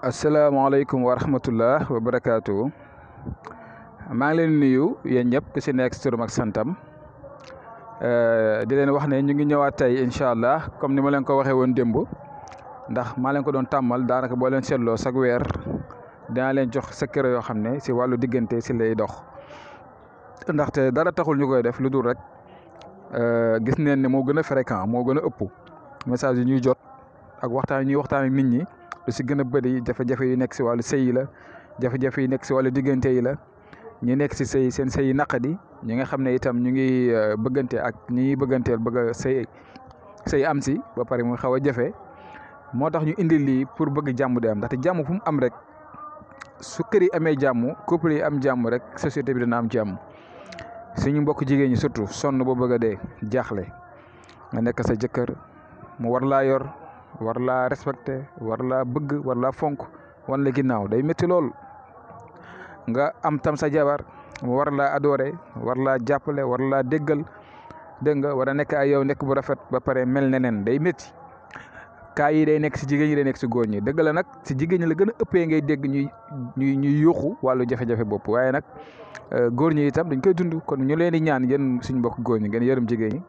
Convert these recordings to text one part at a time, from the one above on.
asalaamaaleykum wa rahmatullah wa barakaatu maa ngi leen nuyu yéen ñëpp si nekk si turam ak santam eh, di leen wax ne ñu ngi ñëwaat tey incha allah comme ni ma leen ko waxee woon démb ndax maa leen ko doon tàmmal daanaka boo leen seetloo sag weer dinaa leen jox secret yoo xam ne si wàllu diggante si lay dox ndaxte dara taxul ñu koy def lu dul rek eh, gis neen ne moo gën a fréquent moo gën a ëpp message yi ñuy jot ak waxtaan ñuy waxtaan ak nit ñi. lu ci gëna bëri jafe-jafe yu nekk ci walu sey la jafe-jafe yu nekk ci walu digënté yi la ñi nekk ci sey seen sey naqadi ñi nga xamné itam ñu ngi euh, bëggante ak ñi bëgganteel bëgg sey sey am ci ba paré mu xawa jafé motax ñu indi li pour bëgg jamm di am ndax jamm fu mu am rek su kër yi amé jamm couple yi am jamm rek société bi dina am jamm suñu mbokk jigéen yi surtout sonn bo bëgg dé jaxlé nga nekk sa mu war la yor war la respecté war la bëgg war la fonk wan la ginnaw day metti lool nga am tam sa jabar war la adoré war la jappalé war la déggal de nga wara nek ay yow nek bu rafet ba paré mel nenen. day metti kay yi day nek ci jigéen ñi day nek ci góor ñi dëgg la nak ci jigéen la gëna ëppé ngay dégg ñuy ñuy ñuy yuuxu wàllu jafé jafe bopp waaye nag euh, ñi itam dañ koy dund kon ñu leen di ñaan yeen suñu mbokk góor ñi ngeen yërëm jigéen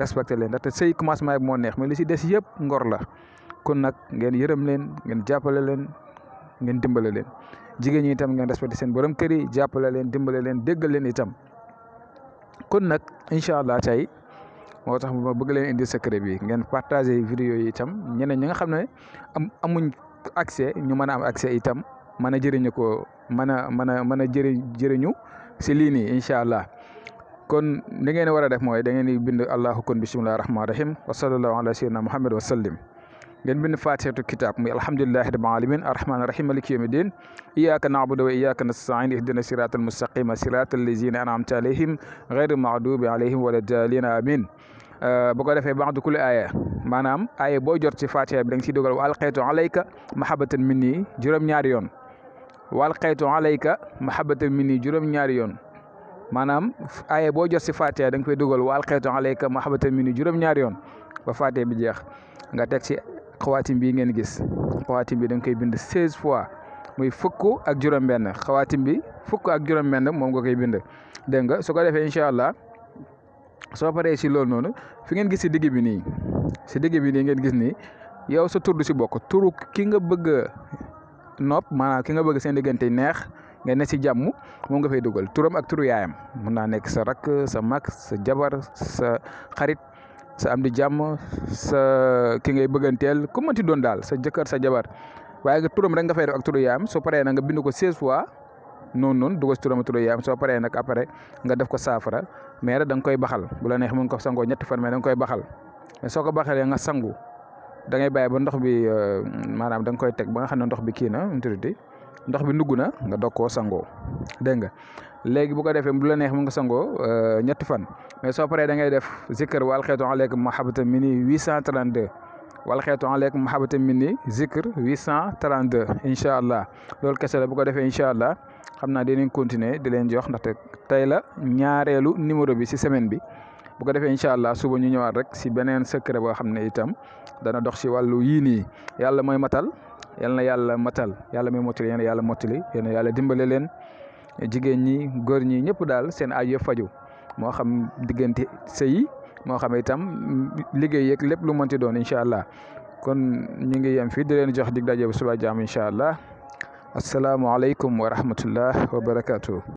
respecté leen ndaxte sëy commencement bi moo neex mais li si des yëpp ngor la kon nag ngeen yërëm leen ngeen jàppale leen ngeen dimbale leen jigéen ñi itam ngeen respecté seen borom kër yi jàppale leen dimbale leen déggal leen itam kon nag incha allah tay moo tax ma bëgg leen indi secret bi ngeen partager vidéo yi itam ñeneen ñi nga xam ne am amuñ accès ñu mën a am accès itam mën a jëriñu ko mën a mën a mën a jëriñ jëriñu si lii nii incha allah. kon li ngeen war a def mooy da ngeen di bind allahu kon bisimilah rahmaani rahim wa sallallahu ala sayyidina muhammad wa sallim ngeen bind faatihatu kitaab muy alhamdulillahi rabbil alamin arrahmaani rahim maliki yawmi din iyyaka na'budu wa iyyaka nasta'in ihdina siratal mustaqima siratal lazina an'amta alayhim ghayril maghdubi alayhim waladdallin amin bu ko defee ba'du kulli aaya maanaam aaya boo jot ci faatiha bi da nga ciy dogal wa alqaytu alayka mahabbatan minni juróom-ñaari yoon wa alqaytu alayka mahabbatan minni juróom-ñaari yoon maanaam aaye boo jot si fatiha da nga koy dugal waal xeetu alayka mahabatan minu juróom-ñaari yoon ba fatiha bi jeex nga teg ci xawaatim bii ngeen gis xawaatim bi da nga koy bind seize fois muy fukk ak juróom-benn xawaatim bi fukk ak juróom-benn moom nga koy bind dégg nga su ko defee incha allah soo paree si loolu noonu fi ngeen gis si digg bi nii si digg bi nii ngeen gis ni yow sa tur du si bokk turu ki nga bëgg nop maanaam ki nga bëgg seen diggante neex. nga ne si jamu mo nga fay duggal turam ak turu yaayam semak, sejabar, nek sa rak sa mak sa jabar sa xarit sa am di jàmm sa ki ngay bëggantel ku mënti doon dal sa jëkkër sa jabar waye nga turam rek nga fay def ak turu yaayam so paré nag nga bind ko 16 fois non non dugal turam turu yaayam so paré nak après nga def ko safara mère dang koy baxal bu la neex mun ko sango ñett fan mais dang koy baxal ko nga sangu da ngay baye ba ndox bi euh, manam dang koy tek ba nga xamne ndox bi ki na ndox bi nugg na nga dog ko sangoo dégg nga léegi bu ko defee bu la neex mu nga sangoo euh, ñetti fan mais soo paree da ngay def zikr wal xeetu aleykum mahabata mi ni 832 wal xeetu aleykum mahabata mi ni zikr 832 incha allah loolu kese la bu ko defee incha allah xam naa dinañ continuer di leen jox ndaxte tey la ñaareelu numéro bi si semaine bi bu ko defee incha allah suba ñu ñëwaat rek si beneen secret boo xam ne itam dana dox si wàllu yii nii yàlla mooy matal yal na yàlla matal yàlla mi mottali yal na yàlla mottali yal na yàlla dimbale leen jigéen ñi góor ñi ñëpp daal seen aaj yëpp faju moo xam diggante sëyi moo xam itam liggéey yeeg lépp lu mënti doon incha allah kon ñu ngi yem fii di leen jox dig daje bu suba allah asalaamualeykum wa rahmatullah wa